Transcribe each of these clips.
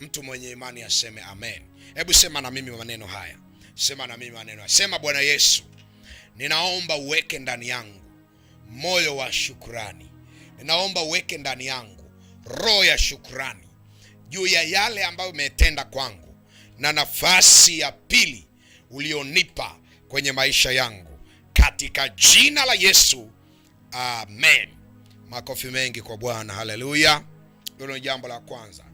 Mtu mwenye imani aseme amen. Hebu sema na mimi maneno haya, sema na mimi maneno haya. Sema, Bwana Yesu, ninaomba uweke ndani yangu moyo wa shukrani, ninaomba uweke ndani yangu roho ya shukrani juu ya yale ambayo umetenda kwangu na nafasi ya pili ulionipa kwenye maisha yangu, katika jina la Yesu, amen. Makofi mengi kwa Bwana, haleluya. Hilo ni jambo la kwanza.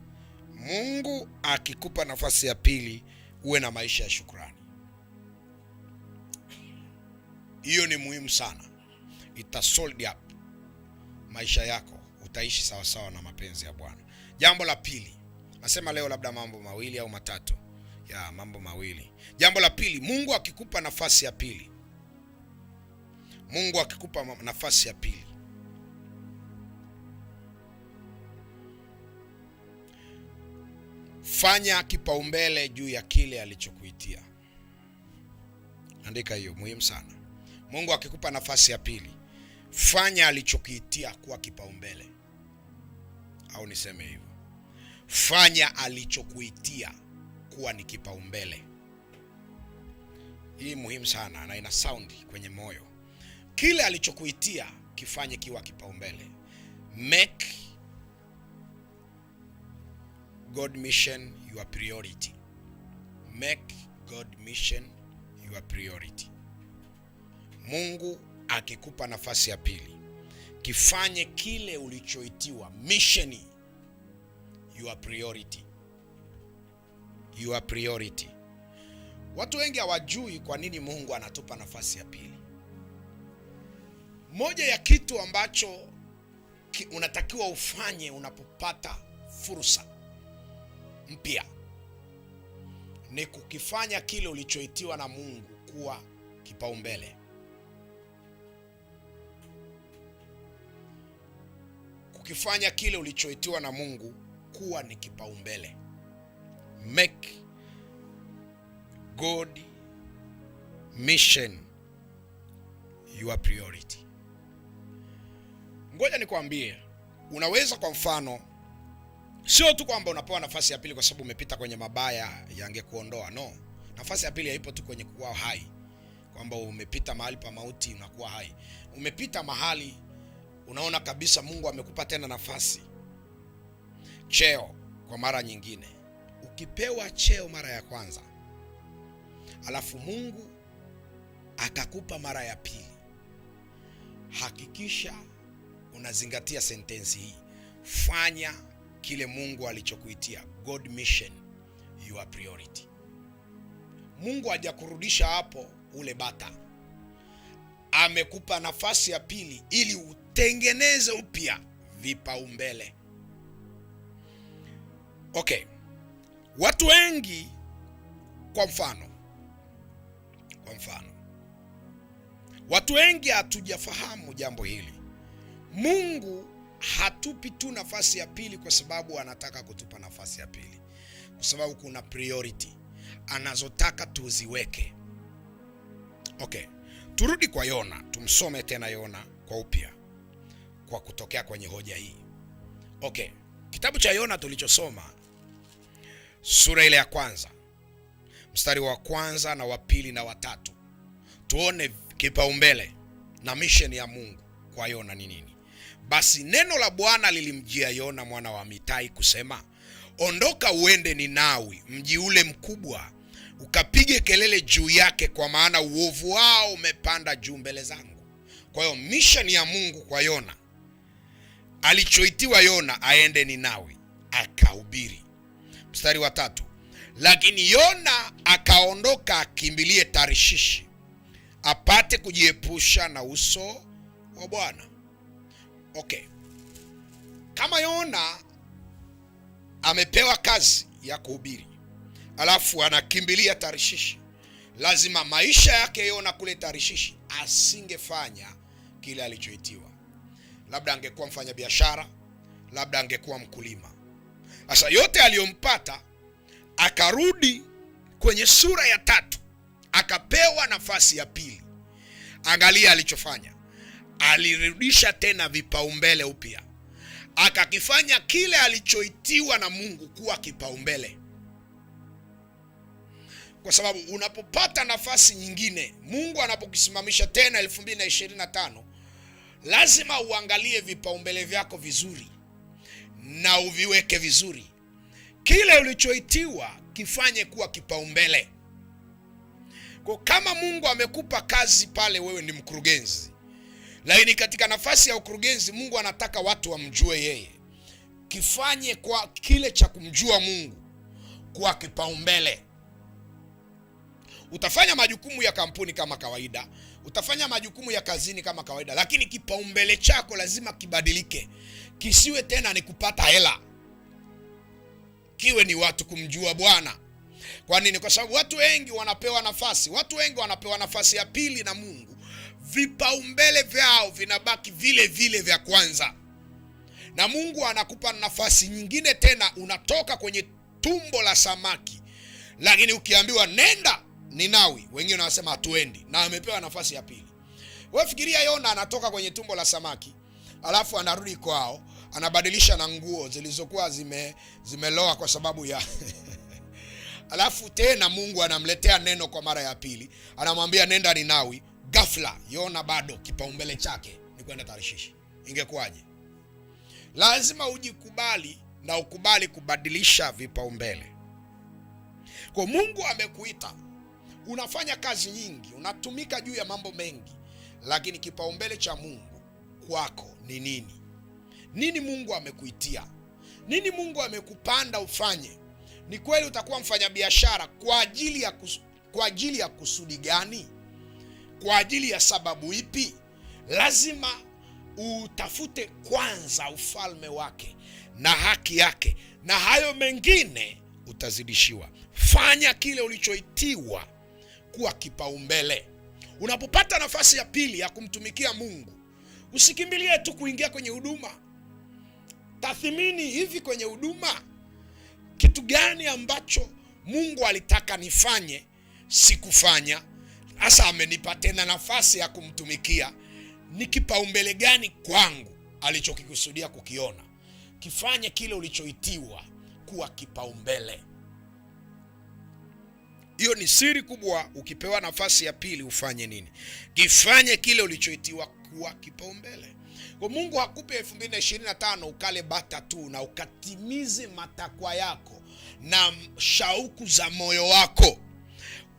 Mungu akikupa nafasi ya pili, uwe na maisha ya shukrani. Hiyo ni muhimu sana, ita sold up maisha yako, utaishi sawasawa na mapenzi ya Bwana. Jambo la pili, nasema leo labda mambo mawili au matatu ya mambo mawili. Jambo la pili, Mungu akikupa nafasi ya pili, Mungu akikupa nafasi ya pili fanya kipaumbele juu ya kile alichokuitia. Andika hiyo, muhimu sana. Mungu akikupa nafasi ya pili, fanya alichokiitia kuwa kipaumbele, au niseme hivyo, fanya alichokuitia kuwa ni kipaumbele. Hii muhimu sana na ina saundi kwenye moyo. Kile alichokuitia kifanye kiwa kipaumbele. Make God mission your priority. Make God mission your priority. Mungu akikupa nafasi ya pili, kifanye kile ulichoitiwa mission your priority. Your priority. Watu wengi hawajui kwa nini Mungu anatupa nafasi ya pili. Moja ya kitu ambacho ki unatakiwa ufanye unapopata fursa mpya ni kukifanya kile ulichoitiwa na Mungu kuwa kipaumbele. Kukifanya kile ulichoitiwa na Mungu kuwa ni kipaumbele. Make God mission your priority. Ngoja nikwambie, unaweza kwa mfano Sio tu kwamba unapewa nafasi ya pili kwa sababu umepita kwenye mabaya yangekuondoa. No, nafasi ya pili haipo tu kwenye kuwa hai, kwamba umepita mahali pa mauti unakuwa hai. Umepita mahali unaona kabisa Mungu amekupa tena nafasi, cheo kwa mara nyingine. Ukipewa cheo mara ya kwanza, alafu Mungu akakupa mara ya pili, hakikisha unazingatia sentensi hii: fanya kile Mungu alichokuitia. God mission your priority. Mungu hajakurudisha hapo ule bata, amekupa nafasi ya pili ili utengeneze upya vipaumbele. Okay, watu wengi, kwa mfano, kwa mfano, watu wengi hatujafahamu jambo hili. Mungu hatupi tu nafasi ya pili kwa sababu anataka kutupa nafasi ya pili, kwa sababu kuna priority anazotaka tuziweke. Okay, turudi kwa Yona, tumsome tena Yona kwa upya kwa kutokea kwenye hoja hii. Okay, kitabu cha Yona tulichosoma sura ile ya kwanza mstari wa kwanza na wa pili na watatu, tuone kipaumbele na misheni ya Mungu kwa Yona ni nini. Basi neno la Bwana lilimjia Yona mwana wa Mitai kusema, ondoka uende Ninawi, mji ule mkubwa, ukapige kelele juu yake, kwa maana uovu wao umepanda juu mbele zangu. Kwa hiyo misheni ya Mungu kwa Yona, alichoitiwa Yona aende Ninawi akahubiri. Mstari wa tatu, lakini Yona akaondoka akimbilie Tarishishi apate kujiepusha na uso wa Bwana. Okay, kama Yona amepewa kazi ya kuhubiri alafu anakimbilia Tarishishi, lazima maisha yake Yona kule Tarishishi asingefanya kile alichoitiwa. Labda angekuwa mfanyabiashara, labda angekuwa mkulima. Sasa yote aliyompata, akarudi kwenye sura ya tatu, akapewa nafasi ya pili. Angalia alichofanya alirudisha tena vipaumbele upya, akakifanya kile alichoitiwa na Mungu kuwa kipaumbele, kwa sababu unapopata nafasi nyingine, Mungu anapokisimamisha tena 2025 lazima uangalie vipaumbele vyako vizuri na uviweke vizuri. Kile ulichoitiwa kifanye kuwa kipaumbele. Kwa kama Mungu amekupa kazi pale, wewe ni mkurugenzi lakini katika nafasi ya ukurugenzi, Mungu anataka watu wamjue yeye. Kifanye kwa kile cha kumjua Mungu kwa kipaumbele. Utafanya majukumu ya kampuni kama kawaida, utafanya majukumu ya kazini kama kawaida, lakini kipaumbele chako lazima kibadilike, kisiwe tena ni kupata hela, kiwe ni watu kumjua Bwana. Kwa nini? Kwa sababu watu wengi wanapewa nafasi, watu wengi wanapewa nafasi ya pili na Mungu vipaumbele vyao vinabaki vile vile vya kwanza, na Mungu anakupa nafasi nyingine tena, unatoka kwenye tumbo la samaki, lakini ukiambiwa nenda Ninawi, wengine wanasema hatuendi, na amepewa nafasi ya pili. Wewe fikiria, Yona anatoka kwenye tumbo la samaki, alafu anarudi kwao, anabadilisha na nguo zilizokuwa zime zimeloa kwa sababu ya alafu tena Mungu anamletea neno kwa mara ya pili, anamwambia nenda Ninawi ghafla Yona bado kipaumbele chake ni kwenda Tarshishi, ingekuwaje? Lazima ujikubali na ukubali kubadilisha vipaumbele. Kwa Mungu amekuita, unafanya kazi nyingi, unatumika juu ya mambo mengi, lakini kipaumbele cha Mungu kwako ni nini? Nini Mungu amekuitia? Nini Mungu amekupanda ufanye? Ni kweli utakuwa mfanyabiashara kwa ajili ya, kus kwa ajili ya kusudi gani? Kwa ajili ya sababu ipi? Lazima utafute kwanza ufalme wake na haki yake, na hayo mengine utazidishiwa. Fanya kile ulichoitiwa kuwa kipaumbele. Unapopata nafasi ya pili ya kumtumikia Mungu, usikimbilie tu kuingia kwenye huduma. Tathimini hivi, kwenye huduma, kitu gani ambacho Mungu alitaka nifanye sikufanya? Asa amenipa tena nafasi ya kumtumikia. Ni kipaumbele gani kwangu alichokikusudia kukiona? Kifanye kile ulichoitiwa kuwa kipaumbele. Hiyo ni siri kubwa. Ukipewa nafasi ya pili ufanye nini? Kifanye kile ulichoitiwa kuwa kipaumbele. Kwa Mungu hakupe 2025 ukale bata tu, na ukatimize matakwa yako na shauku za moyo wako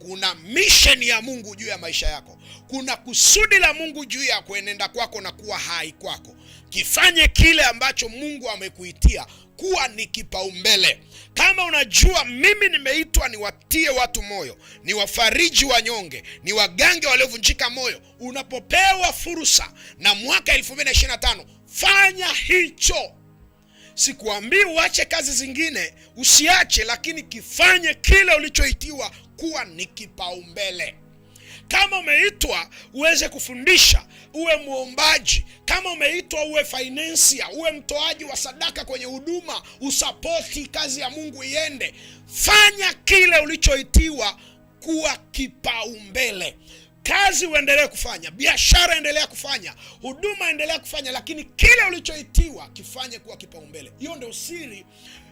kuna misheni ya Mungu juu ya maisha yako, kuna kusudi la Mungu juu ya kuenenda kwako na kuwa hai kwako. Kifanye kile ambacho Mungu amekuitia kuwa ni kipaumbele. Kama unajua mimi nimeitwa niwatie watu moyo, ni wafariji wanyonge, ni wagange waliovunjika moyo, unapopewa fursa na mwaka 225 fanya hicho. Sikuambii uache kazi zingine, usiache, lakini kifanye kile ulichoitiwa kuwa ni kipaumbele. Kama umeitwa uweze kufundisha, uwe mwombaji. Kama umeitwa uwe finansia, uwe mtoaji wa sadaka kwenye huduma, usapoti kazi ya Mungu iende, fanya kile ulichoitiwa kuwa kipaumbele kazi uendelee kufanya, biashara endelea kufanya, huduma endelea kufanya, lakini kile ulichoitiwa kifanye kuwa kipaumbele. Hiyo ndio siri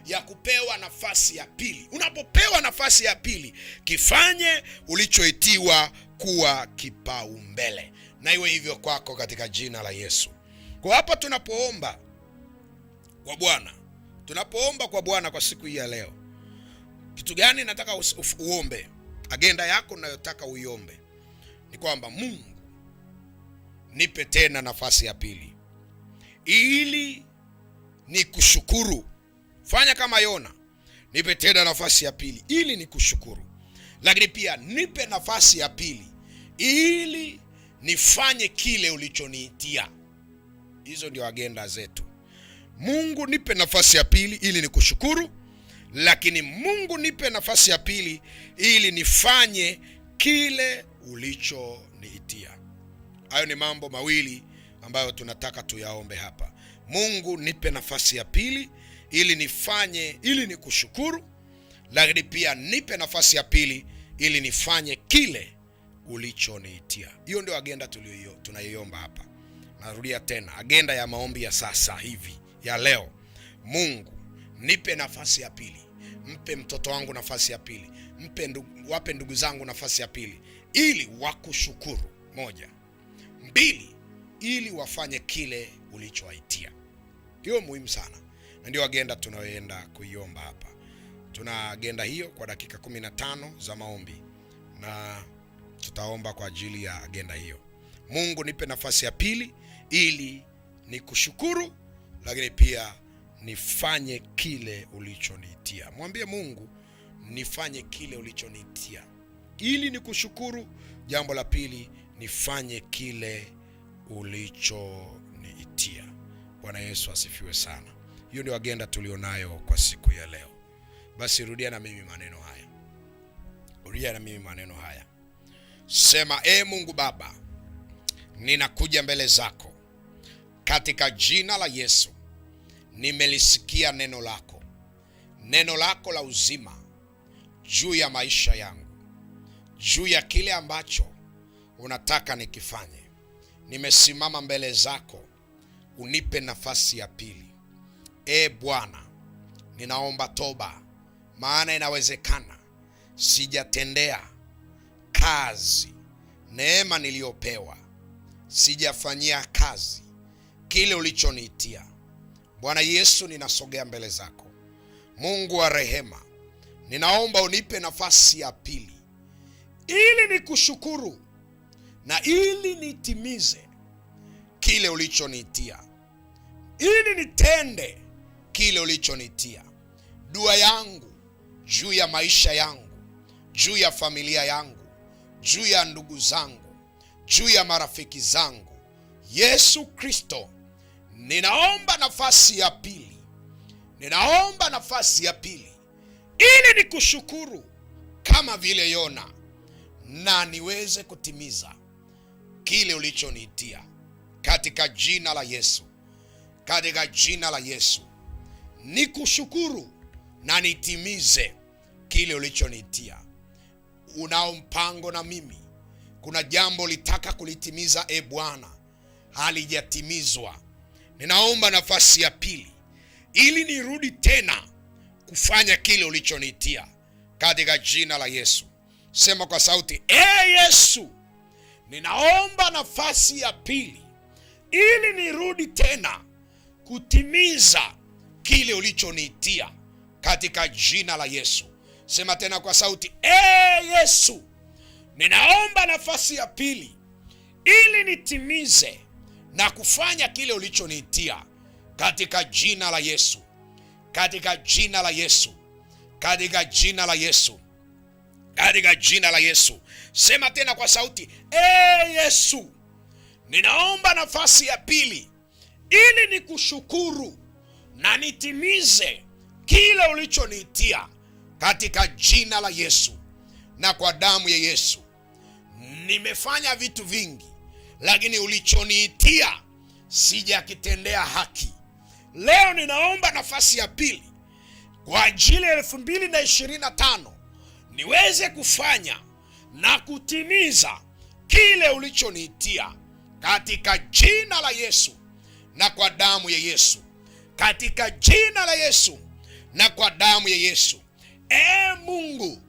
ya kupewa nafasi ya pili. Unapopewa nafasi ya pili, kifanye ulichoitiwa kuwa kipaumbele, na iwe hivyo kwako katika jina la Yesu. Kwa hapa tunapoomba kwa Bwana, tunapoomba kwa Bwana kwa siku hii ya leo, kitu gani nataka uombe? Agenda yako unayotaka uiombe ni kwamba Mungu nipe tena nafasi ya pili ili ni kushukuru. Fanya kama Yona, nipe tena nafasi ya pili ili ni kushukuru, lakini pia nipe nafasi ya pili ili nifanye kile ulichoniitia. Hizo ndio agenda zetu. Mungu nipe nafasi ya pili ili ni kushukuru lakini Mungu nipe nafasi ya pili ili nifanye kile ulichoniitia. Hayo ni mambo mawili ambayo tunataka tuyaombe hapa. Mungu, nipe nafasi ya pili ili nifanye ili nikushukuru, lakini pia nipe nafasi ya pili ili nifanye kile ulichoniitia. Hiyo ndio agenda tunayoiomba hapa. Narudia tena, agenda ya maombi ya sasa hivi ya leo. Mungu, nipe nafasi ya pili, mpe mtoto wangu nafasi ya pili, mpe ndugu, wape ndugu zangu nafasi ya pili, ili wakushukuru moja. Mbili, ili wafanye kile ulichowaitia. Hiyo muhimu sana, na ndio agenda tunayoenda kuiomba hapa. Tuna agenda hiyo kwa dakika 15 za maombi, na tutaomba kwa ajili ya agenda hiyo. Mungu, nipe nafasi ya pili ili nikushukuru, lakini pia nifanye kile ulichoniitia. Mwambie Mungu, nifanye kile ulichoniitia ili ni kushukuru Jambo la pili, nifanye kile ulichoniitia. Bwana Yesu asifiwe sana. Hiyo ndio agenda tulionayo kwa siku ya leo. Basi rudia na mimi maneno haya, rudia na mimi maneno haya, sema: E Mungu Baba, ninakuja mbele zako katika jina la Yesu. Nimelisikia neno lako, neno lako la uzima juu ya maisha yangu juu ya kile ambacho unataka nikifanye. Nimesimama mbele zako, unipe nafasi ya pili. E Bwana, ninaomba toba, maana inawezekana sijatendea kazi neema niliyopewa, sijafanyia kazi kile ulichoniitia. Bwana Yesu, ninasogea mbele zako, Mungu wa rehema, ninaomba unipe nafasi ya pili ili nikushukuru na ili nitimize kile ulichonitia, ili nitende kile ulichonitia. Dua yangu juu ya maisha yangu, juu ya familia yangu, juu ya ndugu zangu, juu ya marafiki zangu. Yesu Kristo, ninaomba nafasi ya pili, ninaomba nafasi ya pili ili nikushukuru kama vile Yona na niweze kutimiza kile ulichoniitia katika jina la Yesu, katika jina la Yesu nikushukuru na nitimize kile ulichoniitia. Unao mpango na mimi, kuna jambo litaka kulitimiza, e Bwana, halijatimizwa. Ninaomba nafasi ya pili ili nirudi tena kufanya kile ulichoniitia katika jina la Yesu. Sema kwa sauti, E Yesu, ninaomba nafasi ya pili ili nirudi tena kutimiza kile ulichoniitia katika jina la Yesu. Sema tena kwa sauti, E Yesu, ninaomba nafasi ya pili ili nitimize na kufanya kile ulichoniitia katika jina la Yesu, katika jina la Yesu, katika jina la Yesu katika jina la Yesu. Sema tena kwa sauti, ee Yesu, ninaomba nafasi ya pili ili nikushukuru na nitimize kile ulichoniitia katika jina la Yesu na kwa damu ya Yesu. Nimefanya vitu vingi, lakini ulichoniitia sijakitendea haki. Leo ninaomba nafasi ya pili kwa ajili ya elfu mbili na ishirini na tano niweze kufanya na kutimiza kile ulichoniitia katika jina la Yesu na kwa damu ya Yesu, katika jina la Yesu na kwa damu ya Yesu. E Mungu,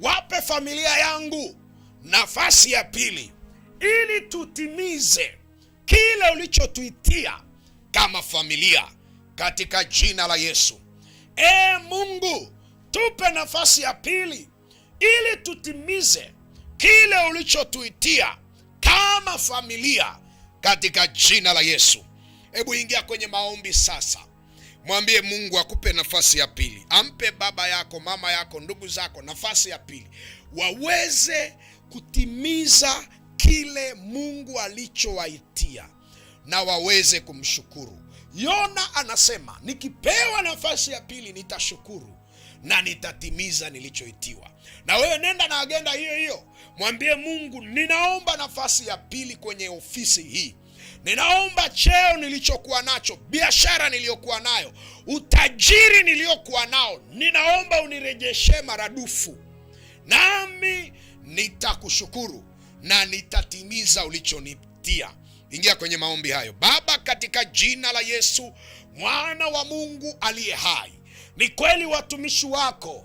wape familia yangu nafasi ya pili, ili tutimize kile ulichotuitia kama familia katika jina la Yesu. E Mungu, tupe nafasi ya pili ili tutimize kile ulichotuitia kama familia katika jina la Yesu. Hebu ingia kwenye maombi sasa, mwambie Mungu akupe nafasi ya pili, ampe baba yako, mama yako, ndugu zako nafasi ya pili, waweze kutimiza kile Mungu alichowaitia na waweze kumshukuru. Yona anasema nikipewa nafasi ya pili nitashukuru na nitatimiza nilichoitiwa. Na wewe nenda na agenda hiyo hiyo, mwambie Mungu, ninaomba nafasi ya pili kwenye ofisi hii, ninaomba cheo nilichokuwa nacho, biashara niliyokuwa nayo, utajiri niliyokuwa nao, ninaomba unirejeshe maradufu, nami nitakushukuru na nitatimiza ulichonitia. Ingia kwenye maombi hayo. Baba, katika jina la Yesu mwana wa Mungu aliye hai, ni kweli watumishi wako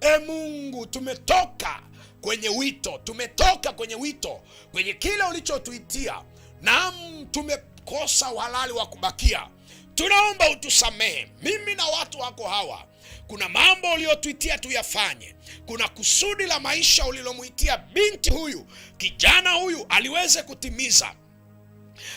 E Mungu, tumetoka kwenye wito, tumetoka kwenye wito, kwenye kile ulichotuitia. Naam, tumekosa uhalali wa kubakia. Tunaomba utusamehe, mimi na watu wako hawa. Kuna mambo uliyotuitia tuyafanye, kuna kusudi la maisha ulilomwitia binti huyu, kijana huyu aliweze kutimiza,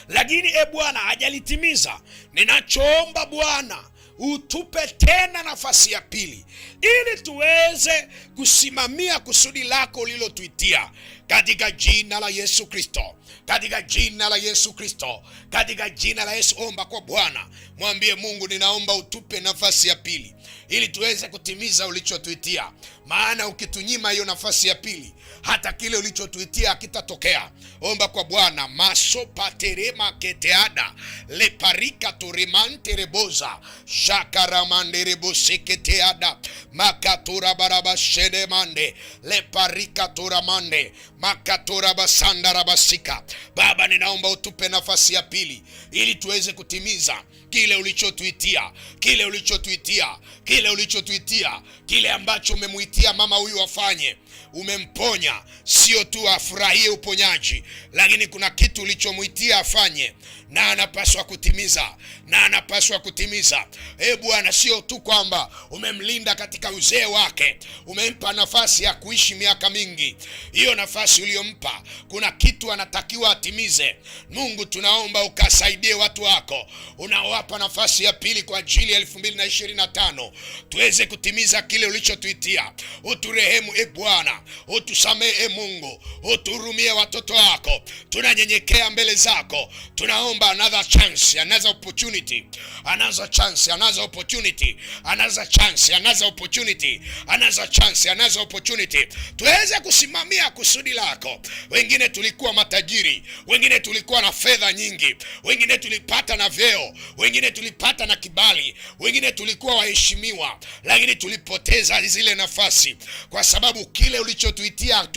lakini e Bwana hajalitimiza. Ninachoomba Bwana utupe tena nafasi ya pili ili tuweze kusimamia kusudi lako ulilotuitia katika jina la Yesu Kristo, katika jina la Yesu Kristo, katika jina la Yesu. Omba kwa Bwana, mwambie Mungu, ninaomba utupe nafasi ya pili ili tuweze kutimiza ulichotuitia, maana ukitunyima hiyo nafasi ya pili, hata kile ulichotuitia hakitatokea. Omba kwa Bwana. masopaterema keteada leparika toremantereboza shakaramandereboseketeada makatura barabashe shede mande leparika tura mande makatura basanda rabasika. Baba, ninaomba utupe nafasi ya pili ili tuweze kutimiza kile ulichotuitia, kile ulichotuitia, kile ulichotuitia, kile ambacho umemuitia mama huyu afanye. Umemponya, sio tu afurahie uponyaji, lakini kuna kitu ulichomwitia afanye na anapaswa kutimiza na anapaswa kutimiza. E Bwana, sio tu kwamba umemlinda katika uzee wake, umempa nafasi ya kuishi miaka mingi. Hiyo nafasi uliyompa, kuna kitu anatakiwa atimize. Mungu, tunaomba ukasaidie watu wako unaowapa nafasi ya pili kwa ajili ya 2025 tuweze kutimiza kile ulichotuitia. Uturehemu e Bwana, utusamehe Mungu, utuhurumie watoto wako, tunanyenyekea mbele zako, tunaomba kuomba another chance, another opportunity, another chance, another opportunity, another chance, another opportunity, another chance, another opportunity. Tuweze kusimamia kusudi lako. Wengine tulikuwa matajiri, wengine tulikuwa na fedha nyingi, wengine tulipata na vyeo, wengine tulipata na kibali, wengine tulikuwa waheshimiwa, lakini tulipoteza zile nafasi kwa sababu kile ulichotuitia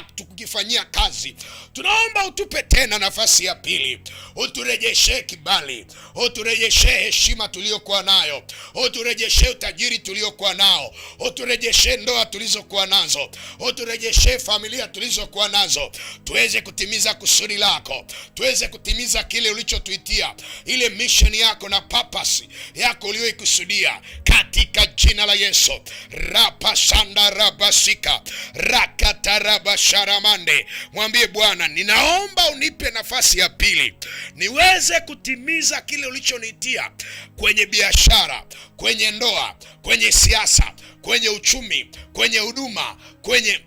tukifanyia kazi. Tunaomba utupe tena nafasi ya pili, uturejeshee kibali, uturejeshee heshima tuliyokuwa nayo, uturejeshee utajiri tuliokuwa nao, uturejeshee ndoa tulizokuwa nazo, uturejeshee familia tulizokuwa nazo, tuweze kutimiza kusudi lako, tuweze kutimiza kile ulichotuitia, ile mission yako na papasi yako uliyoikusudia katika jina la Yesu. sanda rabasika rabasika sharamande. Mwambie Bwana, ninaomba unipe nafasi ya pili niweze kutimiza kile ulichonitia kwenye biashara, kwenye ndoa, kwenye siasa, kwenye uchumi, kwenye huduma, kwenye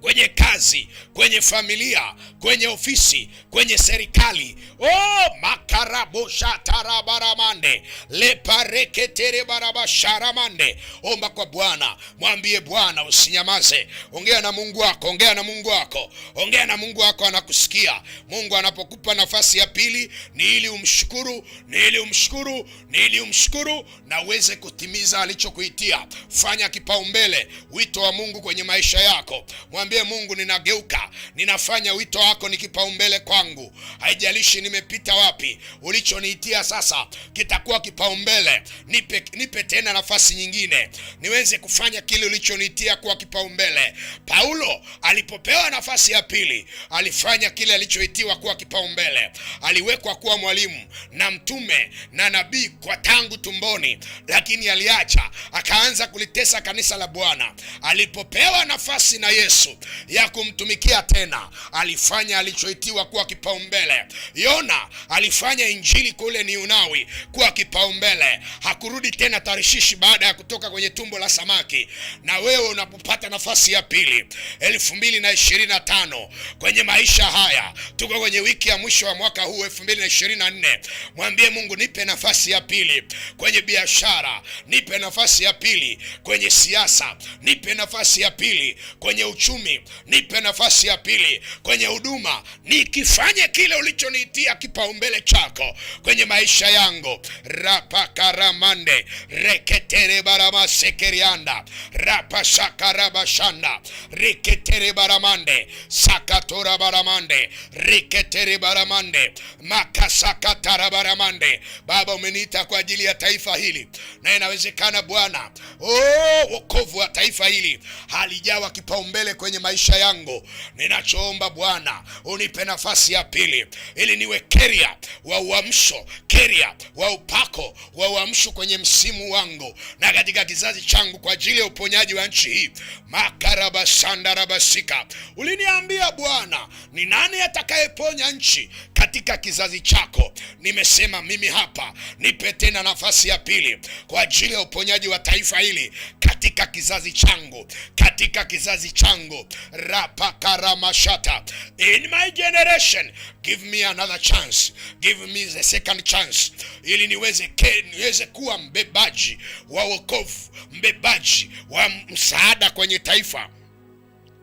kwenye kazi, kwenye familia, kwenye ofisi, kwenye serikali. Oh, karabosha tarabaramande lepareketere barabasharamande. Omba kwa Bwana, mwambie Bwana, usinyamaze. Ongea na Mungu wako, ongea na Mungu wako, ongea na Mungu wako, anakusikia. Mungu anapokupa nafasi ya pili ni ili umshukuru, ni ili umshukuru, ni ili umshukuru na uweze kutimiza alichokuitia. Fanya kipaumbele wito wa Mungu kwenye maisha yako, mwambie Mungu, ninageuka, ninafanya wito wako ni kipaumbele kwangu, haijalishi nimepita wapi ulichoniitia sasa kitakuwa kipaumbele. Nipe, nipe tena nafasi nyingine niweze kufanya kile ulichoniitia kuwa kipaumbele. Paulo alipopewa nafasi ya pili alifanya kile alichoitiwa kuwa kipaumbele. Aliwekwa kuwa mwalimu na mtume na nabii kwa tangu tumboni, lakini aliacha akaanza kulitesa kanisa la Bwana. Alipopewa nafasi na Yesu ya kumtumikia tena alifanya alichoitiwa kuwa kipaumbele. Yona alifanya kufanya injili kule ni Unawi kuwa kipaumbele. Hakurudi tena Tarishishi baada ya kutoka kwenye tumbo la samaki. Na wewe unapopata nafasi ya pili elfu mbili na ishirini na tano kwenye maisha haya, tuko kwenye wiki ya mwisho wa mwaka huu elfu mbili na ishirini na nne mwambie Mungu, nipe nafasi ya pili kwenye biashara, nipe nafasi ya pili kwenye siasa, nipe nafasi ya pili kwenye uchumi, nipe nafasi ya pili kwenye huduma, nikifanye kile ulichoniitia kipaumbele cha zako kwenye maisha yangu rapakaramande reketere baramasekerianda rapasakarabashanda riketere baramande sakatora baramande baramande makasakatara baramande. Baba, umeniita kwa ajili ya taifa hili, na inawezekana Bwana, oh, wokovu wa taifa hili halijawa kipaumbele kwenye maisha yangu. Ninachoomba Bwana, unipe nafasi ya pili ili niwe keria wa uamsho, keria wa upako wa uamsho kwenye msimu wangu na katika kizazi changu kwa ajili ya uponyaji wa nchi hii. Makarabasandarabasika, uliniambia Bwana, ni nani atakayeponya nchi katika kizazi chako? Nimesema mimi hapa, nipe tena nafasi ya pili kwa ajili ya uponyaji wa taifa hili katika kizazi changu, katika kizazi changu. Rapakaramashata, in my generation give me another chance, give give me the second chance, ili niweze, ke, niweze kuwa mbebaji wa wokovu, mbebaji wa msaada kwenye taifa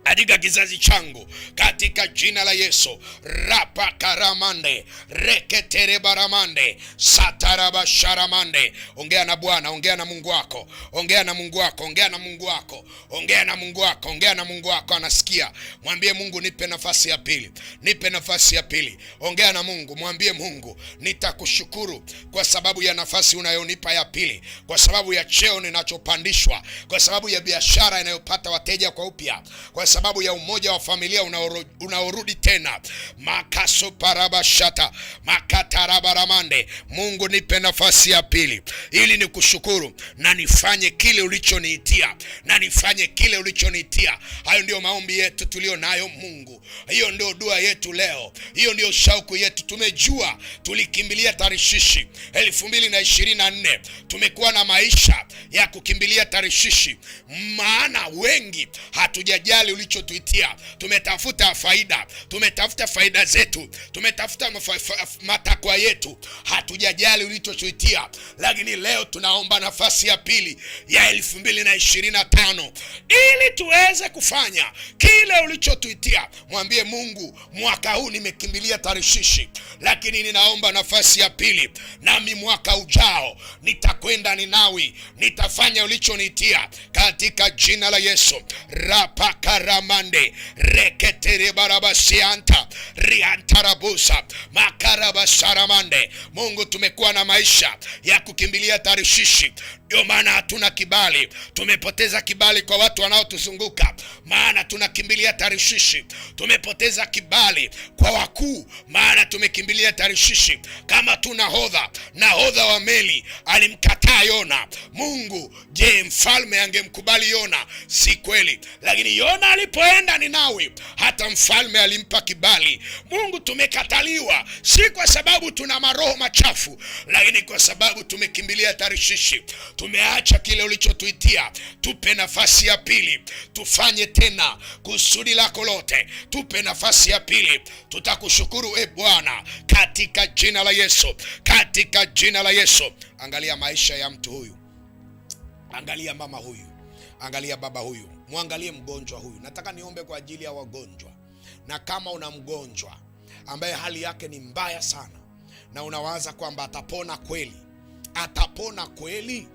katika kizazi changu katika jina la Yesu. rapakaramande reketerebaramande satarabasharamande. Ongea na Bwana, ongea na Mungu wako, ongea na Mungu wako, ongea na Mungu wako, ongea na Mungu wako, ongea na Mungu wako, anasikia. Mwambie Mungu, nipe nafasi ya pili, nipe nafasi ya pili. Ongea na Mungu, mwambie Mungu, nitakushukuru kwa sababu ya nafasi unayonipa ya pili, kwa sababu ya cheo ninachopandishwa, kwa sababu ya biashara inayopata wateja kwa upya, kwa sababu ya umoja wa familia unaorudi tena. makasoparabashata makatarabaramande. Mungu, nipe nafasi ya pili ili nikushukuru na nifanye kile ulichoniitia, na nifanye kile ulichoniitia. Hayo ndio maombi yetu tulio nayo Mungu, hiyo ndio dua yetu leo, hiyo ndio shauku yetu. Tumejua tulikimbilia Tarishishi elfu mbili na ishirini na nne, tumekuwa na maisha ya kukimbilia Tarishishi, maana wengi hatujajali ulichotuitia. Tumetafuta faida, tumetafuta faida zetu, tumetafuta matakwa yetu, hatujajali ulichotuitia. Lakini leo tunaomba nafasi ya pili ya elfu mbili na ishirini na tano ili tuweze kufanya kile ulichotuitia. Mwambie Mungu, mwaka huu nimekimbilia Tarishishi, lakini ninaomba nafasi ya pili, nami mwaka ujao nitakwenda Ninawi, nitafanya ulichoniitia katika jina la Yesu rapakara ramande reketere barabasianta riantarabusa makarabasaramande Mungu, tumekuwa na maisha ya kukimbilia Tarishishi, ndio maana hatuna kibali. Tumepoteza kibali kwa watu wanaotuzunguka, maana tunakimbilia Tarishishi. Tumepoteza kibali kwa wakuu, maana tumekimbilia Tarishishi. Kama tu nahodha, nahodha wa meli alimkataa Yona. Mungu, je, mfalme angemkubali Yona? Si kweli, lakini Yona alipoenda Ninawi hata mfalme alimpa kibali. Mungu, tumekataliwa si kwa sababu tuna maroho machafu, lakini kwa sababu tumekimbilia Tarishishi, tumeacha kile ulichotuitia. Tupe nafasi ya pili, tufanye tena kusudi lako lote, tupe nafasi ya pili. Tutakushukuru e Bwana, katika jina la Yesu, katika jina la Yesu. Angalia maisha ya mtu huyu, angalia mama huyu Angalia baba huyu, mwangalie mgonjwa huyu. Nataka niombe kwa ajili ya wagonjwa, na kama una mgonjwa ambaye hali yake ni mbaya sana na unawaza kwamba atapona kweli, atapona kweli,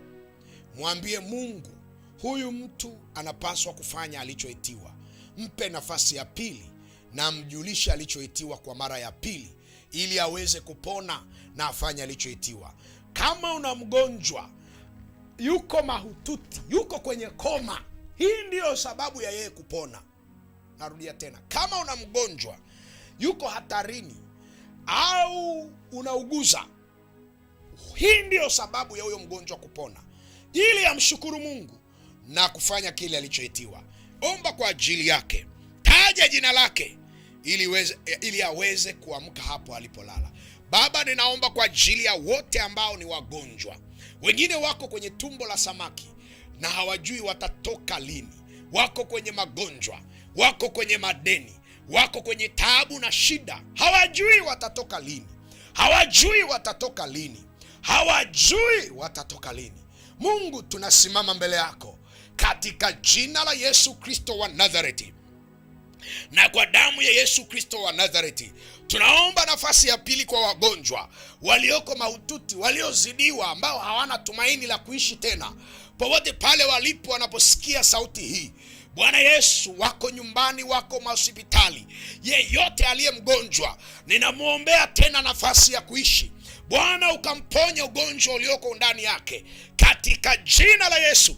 mwambie Mungu, huyu mtu anapaswa kufanya alichoitiwa. Mpe nafasi ya pili na mjulishe alichoitiwa kwa mara ya pili, ili aweze kupona na afanye alichoitiwa. Kama una mgonjwa yuko mahututi, yuko kwenye koma. Hii ndiyo sababu ya yeye kupona. Narudia tena, kama una mgonjwa yuko hatarini au unauguza, hii ndiyo sababu ya huyo mgonjwa kupona, ili amshukuru Mungu na kufanya kile alichoitiwa. Omba kwa ajili yake, taja jina lake ili, weze, ili aweze kuamka hapo alipolala. Baba, ninaomba kwa ajili ya wote ambao ni wagonjwa, wengine wako kwenye tumbo la samaki na hawajui watatoka lini, wako kwenye magonjwa, wako kwenye madeni, wako kwenye taabu na shida, hawajui watatoka lini, hawajui watatoka lini, hawajui watatoka lini. Mungu, tunasimama mbele yako katika jina la Yesu Kristo wa Nazareti na kwa damu ya Yesu Kristo wa Nazareti. Tunaomba nafasi ya pili kwa wagonjwa walioko mahututi, waliozidiwa, ambao hawana tumaini la kuishi tena, popote pale walipo, wanaposikia sauti hii Bwana Yesu, wako nyumbani, wako mahospitali, yeyote aliye mgonjwa, ninamwombea tena nafasi ya kuishi. Bwana ukamponya ugonjwa ulioko ndani yake katika jina la Yesu,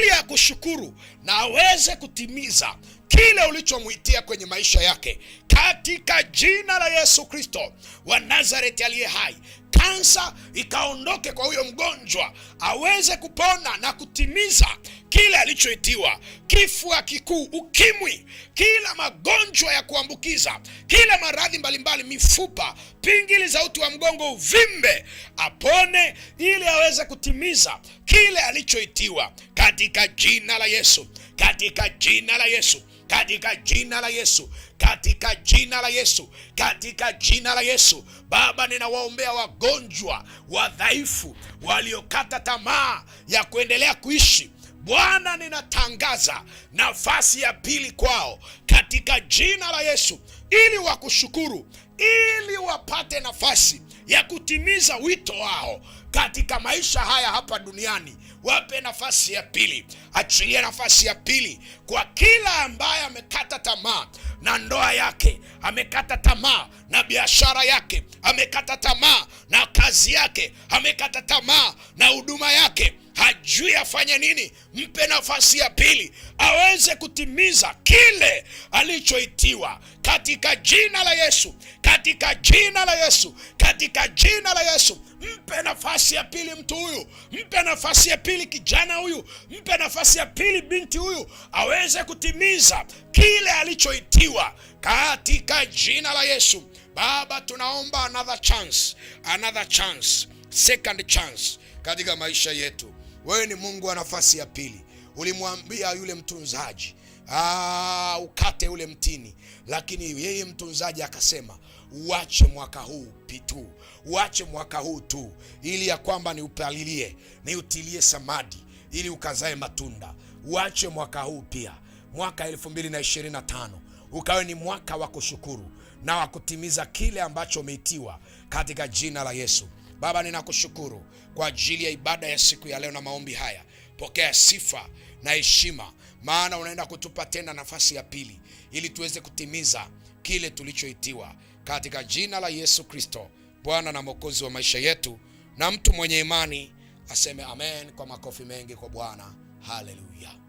ili akushukuru na aweze kutimiza kile ulichomwitia kwenye maisha yake katika jina la Yesu Kristo wa Nazareti aliye hai. Kansa ikaondoke kwa huyo mgonjwa, aweze kupona na kutimiza kile alichoitiwa. Kifua kikuu, ukimwi, kila magonjwa ya kuambukiza, kila maradhi mbalimbali, mifupa, pingili za uti wa mgongo, uvimbe, apone ili aweze kutimiza kile alichoitiwa katika jina la Yesu, katika jina la Yesu katika jina la Yesu, katika jina la Yesu, katika jina la Yesu. Baba, ninawaombea wagonjwa, wadhaifu, waliokata tamaa ya kuendelea kuishi Bwana, ninatangaza nafasi ya pili kwao katika jina la Yesu, ili wakushukuru, ili wapate nafasi ya kutimiza wito wao katika maisha haya hapa duniani. Wape nafasi ya pili, achilie nafasi ya pili kwa kila ambaye amekata tamaa na ndoa yake, amekata tamaa na biashara yake, amekata tamaa na kazi yake, amekata tamaa na huduma yake hajui afanye nini, mpe nafasi ya pili aweze kutimiza kile alichoitiwa, katika jina la Yesu, katika jina la Yesu, katika jina la Yesu. Mpe nafasi ya pili mtu huyu, mpe nafasi ya pili kijana huyu, mpe nafasi ya pili binti huyu, aweze kutimiza kile alichoitiwa, katika jina la Yesu. Baba, tunaomba another chance, another chance, second chance katika maisha yetu wewe ni Mungu wa nafasi ya pili. Ulimwambia yule mtunzaji Aa, ah, ukate ule mtini, lakini yeye mtunzaji akasema uache mwaka huu pitu, uache mwaka huu tu, ili ya kwamba niupalilie, niutilie samadi, ili ukazae matunda. Uache mwaka huu pia, mwaka 2025 ukawe ni mwaka wa kushukuru na wa kutimiza kile ambacho umeitiwa katika jina la Yesu. Baba, ninakushukuru kwa ajili ya ibada ya siku ya leo na maombi haya. Pokea sifa na heshima, maana unaenda kutupa tena nafasi ya pili ili tuweze kutimiza kile tulichoitiwa, katika jina la Yesu Kristo, Bwana na Mwokozi wa maisha yetu. Na mtu mwenye imani aseme amen kwa makofi mengi kwa Bwana. Haleluya.